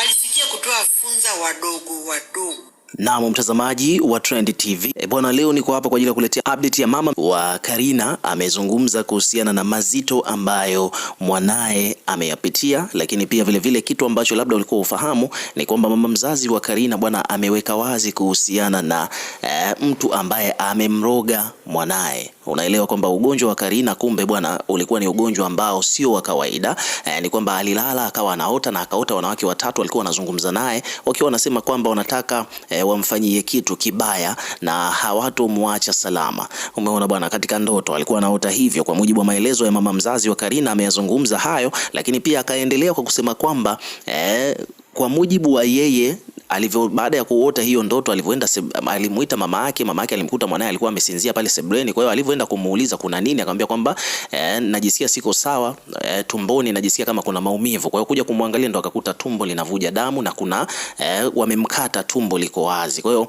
alifikia kutoa funza wadogo wadogo. Naam, mtazamaji wa Trend TV. E eh, bwana, leo niko hapa kwa ajili ya kuletea update ya mama wa Karina. Amezungumza kuhusiana na mazito ambayo mwanaye ameyapitia, lakini pia vile vile kitu ambacho labda ulikuwa ufahamu ni kwamba mama mzazi wa Karina bwana ameweka wazi kuhusiana na e, mtu ambaye amemroga mwanaye. Unaelewa kwamba ugonjwa wa Karina kumbe bwana ulikuwa ni ugonjwa ambao sio wa kawaida. E, ni kwamba alilala akawa anaota na akaota wanawake watatu walikuwa wanazungumza naye wakiwa wanasema kwamba wanataka e, wamfanyie kitu kibaya na hawatomwacha salama. Umeona bwana, katika ndoto alikuwa anaota hivyo. Kwa mujibu wa maelezo ya mama mzazi wa Karina ameyazungumza hayo, lakini pia akaendelea kwa kusema kwamba e, kwa mujibu wa yeye alivyo baada ya kuota hiyo ndoto alivyoenda alimuita mama yake. Mama yake alimkuta mwanae alikuwa amesinzia pale sebuleni. Kwa hiyo alivyoenda kumuuliza kuna nini, akamwambia kwamba eh, najisikia siko sawa eh, tumboni najisikia kama kuna maumivu. Kwa hiyo kuja kumwangalia ndo akakuta tumbo linavuja damu na kuna eh, wamemkata tumbo liko wazi. Kwa hiyo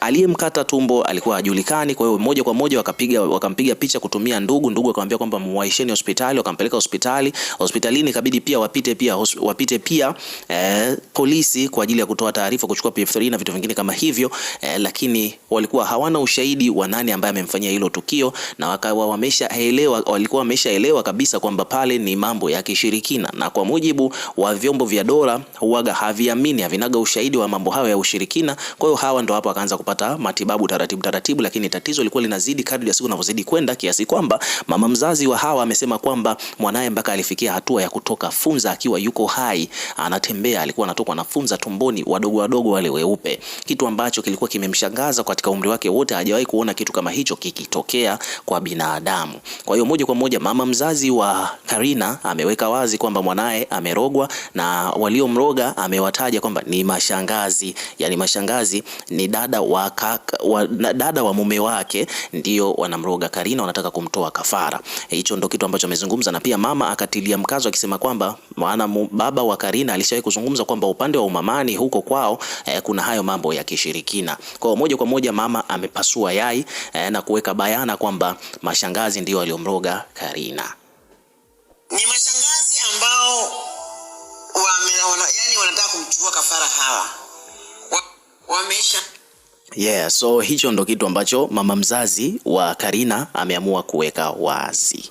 aliyemkata tumbo alikuwa hajulikani. Kwa hiyo moja kwa moja wakapiga wakampiga picha kutumia ndugu. Ndugu akamwambia kwamba muwaisheni hospitali, wakampeleka hospitali. Hospitalini ikabidi pia wapite pia wapite pia eh, polisi kwa ajili ya kutoa taarifa kuchukua PF3 na vitu vingine kama hivyo eh, lakini walikuwa hawana ushahidi wa nani ambaye amemfanyia hilo tukio, na wakawa wameshaelewa, walikuwa wameshaelewa kabisa kwamba pale ni mambo ya kishirikina, na kwa mujibu wa vyombo vya dola huaga haviamini, havinaga ushahidi wa mambo hayo ya ushirikina. Kwa hiyo hawa ndo hapo wakaanza kupata matibabu taratibu taratibu, lakini tatizo lilikuwa linazidi kadri ya siku zinavyozidi kwenda, kiasi kwamba mama mzazi wa hawa amesema kwamba mwanaye mpaka alifikia hatua ya kutoka funza akiwa yuko hai, anatembea, alikuwa anatoka na funza tumboni wadogo wadogo wadogo wale weupe, kitu ambacho kilikuwa kimemshangaza katika umri wake wote, hajawahi kuona kitu kama hicho kikitokea kwa binadamu. Kwa hiyo moja kwa moja mama mzazi wa Karina ameweka wazi kwamba mwanaye amerogwa, na waliomroga amewataja kwamba ni mashangazi, yani mashangazi ni dada wa, kaka, wa, dada wa mume wake ndio wanamroga Karina, wanataka kumtoa kafara. Hicho ndo kitu ambacho amezungumza, na pia mama akatilia mkazo akisema kwamba maana baba wa Karina alishawahi kuzungumza kwamba upande wa umamani huko kwa kwao eh, kuna hayo mambo ya kishirikina. Kwa hiyo moja kwa moja mama amepasua yai eh, na kuweka bayana kwamba mashangazi ndio waliomroga Karina. Ni mashangazi ambao wame, yani wanataka kumchukua kafara hawa wamesha Yeah, so hicho ndo kitu ambacho mama mzazi wa Karina ameamua kuweka wazi.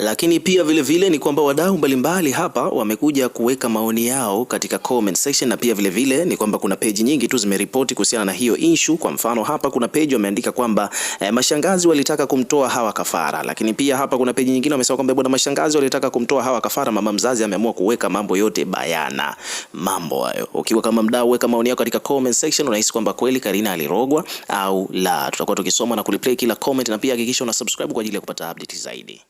Lakini pia vile vile ni kwamba wadau mbalimbali hapa wamekuja kuweka maoni yao katika comment section, na pia vile vile ni kwamba kuna page nyingi tu zimeripoti kuhusiana na hiyo issue. Kwa mfano hapa kuna page wameandika kwamba eh, mashangazi walitaka kumtoa Hawa kafara, lakini pia hapa kuna page nyingine wamesema kwamba bwana, mashangazi walitaka kumtoa Hawa kafara, mama mzazi ameamua kuweka mambo yote bayana. Mambo hayo ukiwa kama mdau, weka maoni yako katika comment section. Unahisi kwamba kweli Karina alirogwa au la? Tutakuwa tukisoma na kuliplay kila comment, na pia hakikisha una subscribe kwa ajili ya kupata update zaidi.